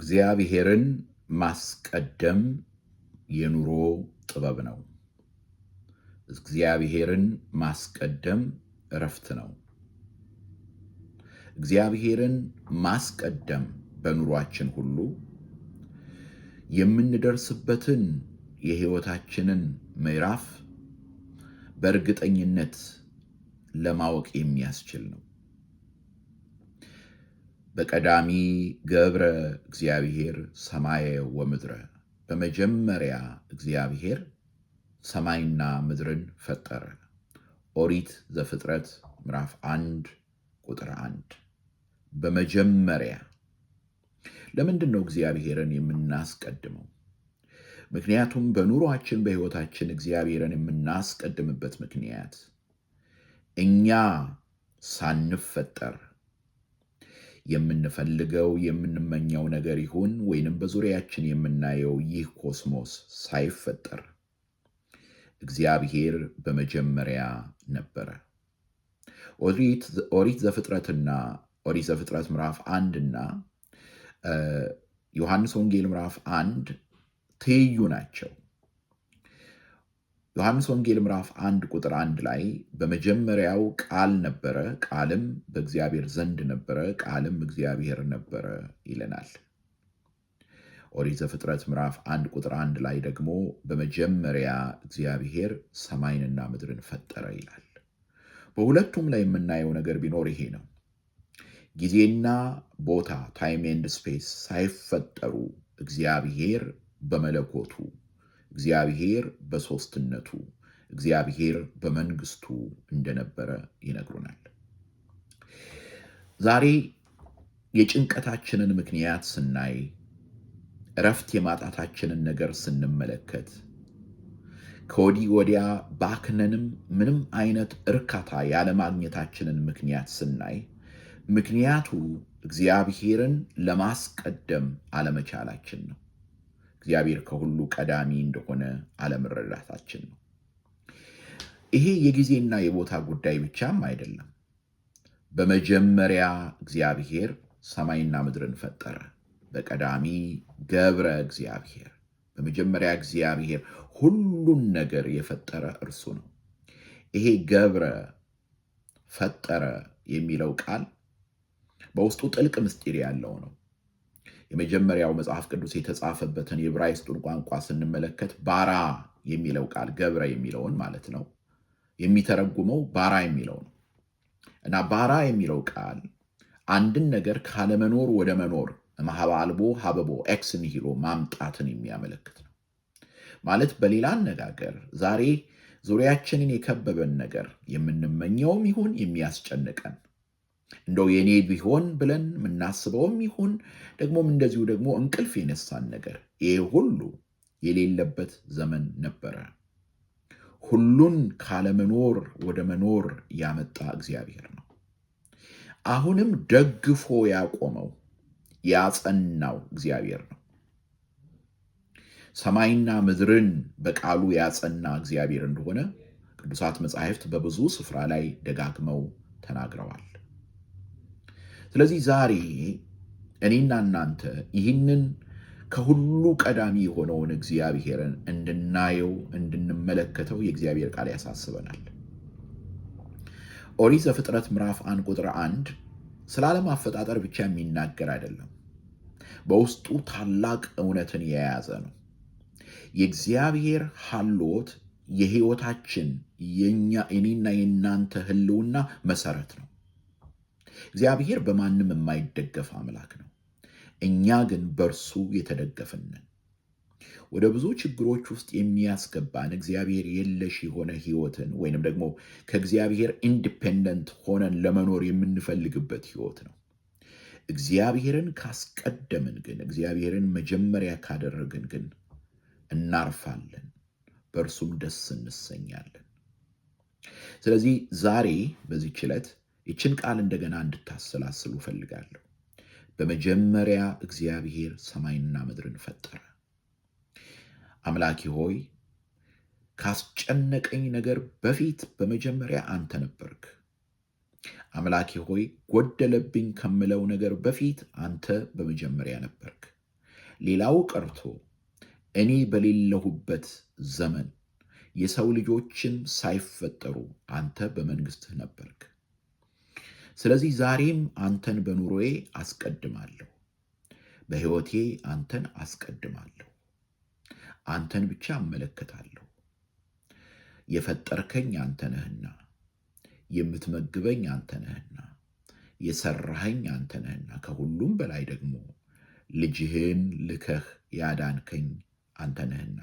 እግዚአብሔርን ማስቀደም የኑሮ ጥበብ ነው። እግዚአብሔርን ማስቀደም እረፍት ነው። እግዚአብሔርን ማስቀደም በኑሯችን ሁሉ የምንደርስበትን የሕይወታችንን ምዕራፍ በእርግጠኝነት ለማወቅ የሚያስችል ነው። በቀዳሚ ገብረ እግዚአብሔር ሰማየ ወምድረ፣ በመጀመሪያ እግዚአብሔር ሰማይና ምድርን ፈጠረ። ኦሪት ዘፍጥረት ምዕራፍ አንድ ቁጥር አንድ በመጀመሪያ። ለምንድን ነው እግዚአብሔርን የምናስቀድመው? ምክንያቱም በኑሯችን በሕይወታችን እግዚአብሔርን የምናስቀድምበት ምክንያት እኛ ሳንፈጠር የምንፈልገው የምንመኘው ነገር ይሁን ወይንም በዙሪያችን የምናየው ይህ ኮስሞስ ሳይፈጠር እግዚአብሔር በመጀመሪያ ነበረ። ኦሪት ዘፍጥረትና ኦሪት ዘፍጥረት ምዕራፍ አንድ እና ዮሐንስ ወንጌል ምዕራፍ አንድ ትይዩ ናቸው። ዮሐንስ ወንጌል ምዕራፍ አንድ ቁጥር አንድ ላይ በመጀመሪያው ቃል ነበረ፣ ቃልም በእግዚአብሔር ዘንድ ነበረ፣ ቃልም እግዚአብሔር ነበረ ይለናል። ኦሪት ዘፍጥረት ምዕራፍ አንድ ቁጥር አንድ ላይ ደግሞ በመጀመሪያ እግዚአብሔር ሰማይንና ምድርን ፈጠረ ይላል። በሁለቱም ላይ የምናየው ነገር ቢኖር ይሄ ነው። ጊዜና ቦታ ታይም ኤንድ ስፔስ ሳይፈጠሩ እግዚአብሔር በመለኮቱ እግዚአብሔር በሦስትነቱ እግዚአብሔር በመንግስቱ እንደነበረ ይነግሩናል። ዛሬ የጭንቀታችንን ምክንያት ስናይ፣ እረፍት የማጣታችንን ነገር ስንመለከት፣ ከወዲህ ወዲያ ባክነንም ምንም አይነት እርካታ ያለማግኘታችንን ምክንያት ስናይ ምክንያቱ እግዚአብሔርን ለማስቀደም አለመቻላችን ነው። እግዚአብሔር ከሁሉ ቀዳሚ እንደሆነ አለመረዳታችን ነው። ይሄ የጊዜና የቦታ ጉዳይ ብቻም አይደለም። በመጀመሪያ እግዚአብሔር ሰማይና ምድርን ፈጠረ። በቀዳሚ ገብረ እግዚአብሔር፣ በመጀመሪያ እግዚአብሔር ሁሉን ነገር የፈጠረ እርሱ ነው። ይሄ ገብረ ፈጠረ የሚለው ቃል በውስጡ ጥልቅ ምስጢር ያለው ነው። የመጀመሪያው መጽሐፍ ቅዱስ የተጻፈበትን የዕብራይስጡን ቋንቋ ስንመለከት ባራ የሚለው ቃል ገብረ የሚለውን ማለት ነው የሚተረጉመው ባራ የሚለው ነው እና ባራ የሚለው ቃል አንድን ነገር ካለመኖር ወደ መኖር ማሀበ አልቦ ሀበቦ ኤክስ ኒሂሎ ማምጣትን የሚያመለክት ነው። ማለት በሌላ አነጋገር ዛሬ ዙሪያችንን የከበበን ነገር የምንመኘውም ይሁን የሚያስጨንቀን እንደው የኔ ቢሆን ብለን የምናስበውም ይሁን ደግሞም እንደዚሁ ደግሞ እንቅልፍ የነሳን ነገር ይሄ ሁሉ የሌለበት ዘመን ነበረ። ሁሉን ካለመኖር ወደ መኖር ያመጣ እግዚአብሔር ነው። አሁንም ደግፎ ያቆመው ያጸናው እግዚአብሔር ነው። ሰማይና ምድርን በቃሉ ያጸና እግዚአብሔር እንደሆነ ቅዱሳት መጻሕፍት በብዙ ስፍራ ላይ ደጋግመው ተናግረዋል። ስለዚህ ዛሬ እኔና እናንተ ይህንን ከሁሉ ቀዳሚ የሆነውን እግዚአብሔርን እንድናየው እንድንመለከተው የእግዚአብሔር ቃል ያሳስበናል። ኦሪት ዘፍጥረት ምዕራፍ አንድ ቁጥር አንድ ስለ ዓለም አፈጣጠር ብቻ የሚናገር አይደለም። በውስጡ ታላቅ እውነትን የያዘ ነው። የእግዚአብሔር ሀልዎት የህይወታችን የእኔና የእናንተ ህልውና መሰረት ነው። እግዚአብሔር በማንም የማይደገፍ አምላክ ነው። እኛ ግን በእርሱ የተደገፍንን ወደ ብዙ ችግሮች ውስጥ የሚያስገባን እግዚአብሔር የለሽ የሆነ ህይወትን ወይንም ደግሞ ከእግዚአብሔር ኢንዲፔንደንት ሆነን ለመኖር የምንፈልግበት ህይወት ነው። እግዚአብሔርን ካስቀደምን ግን እግዚአብሔርን መጀመሪያ ካደረግን ግን እናርፋለን፣ በእርሱም ደስ እንሰኛለን። ስለዚህ ዛሬ በዚህ ችለት ይችን ቃል እንደገና እንድታሰላስሉ እፈልጋለሁ። በመጀመሪያ እግዚአብሔር ሰማይንና ምድርን ፈጠረ። አምላኪ ሆይ ካስጨነቀኝ ነገር በፊት በመጀመሪያ አንተ ነበርክ። አምላኪ ሆይ ጎደለብኝ ከምለው ነገር በፊት አንተ በመጀመሪያ ነበርክ። ሌላው ቀርቶ እኔ በሌለሁበት ዘመን የሰው ልጆችም ሳይፈጠሩ አንተ በመንግሥትህ ነበርክ። ስለዚህ ዛሬም አንተን በኑሮዬ አስቀድማለሁ፣ በሕይወቴ አንተን አስቀድማለሁ፣ አንተን ብቻ አመለከታለሁ የፈጠርከኝ አንተ ነህና፣ የምትመግበኝ አንተ ነህና፣ የሰራኸኝ አንተ ነህና፣ ከሁሉም በላይ ደግሞ ልጅህን ልከህ ያዳንከኝ አንተ ነህና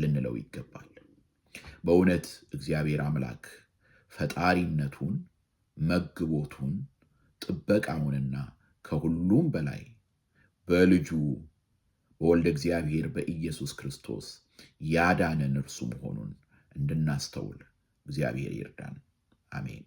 ልንለው ይገባል። በእውነት እግዚአብሔር አምላክ ፈጣሪነቱን መግቦቱን ጥበቃውንና ከሁሉም በላይ በልጁ በወልደ እግዚአብሔር በኢየሱስ ክርስቶስ ያዳነን እርሱ መሆኑን እንድናስተውል እግዚአብሔር ይርዳን። አሜን።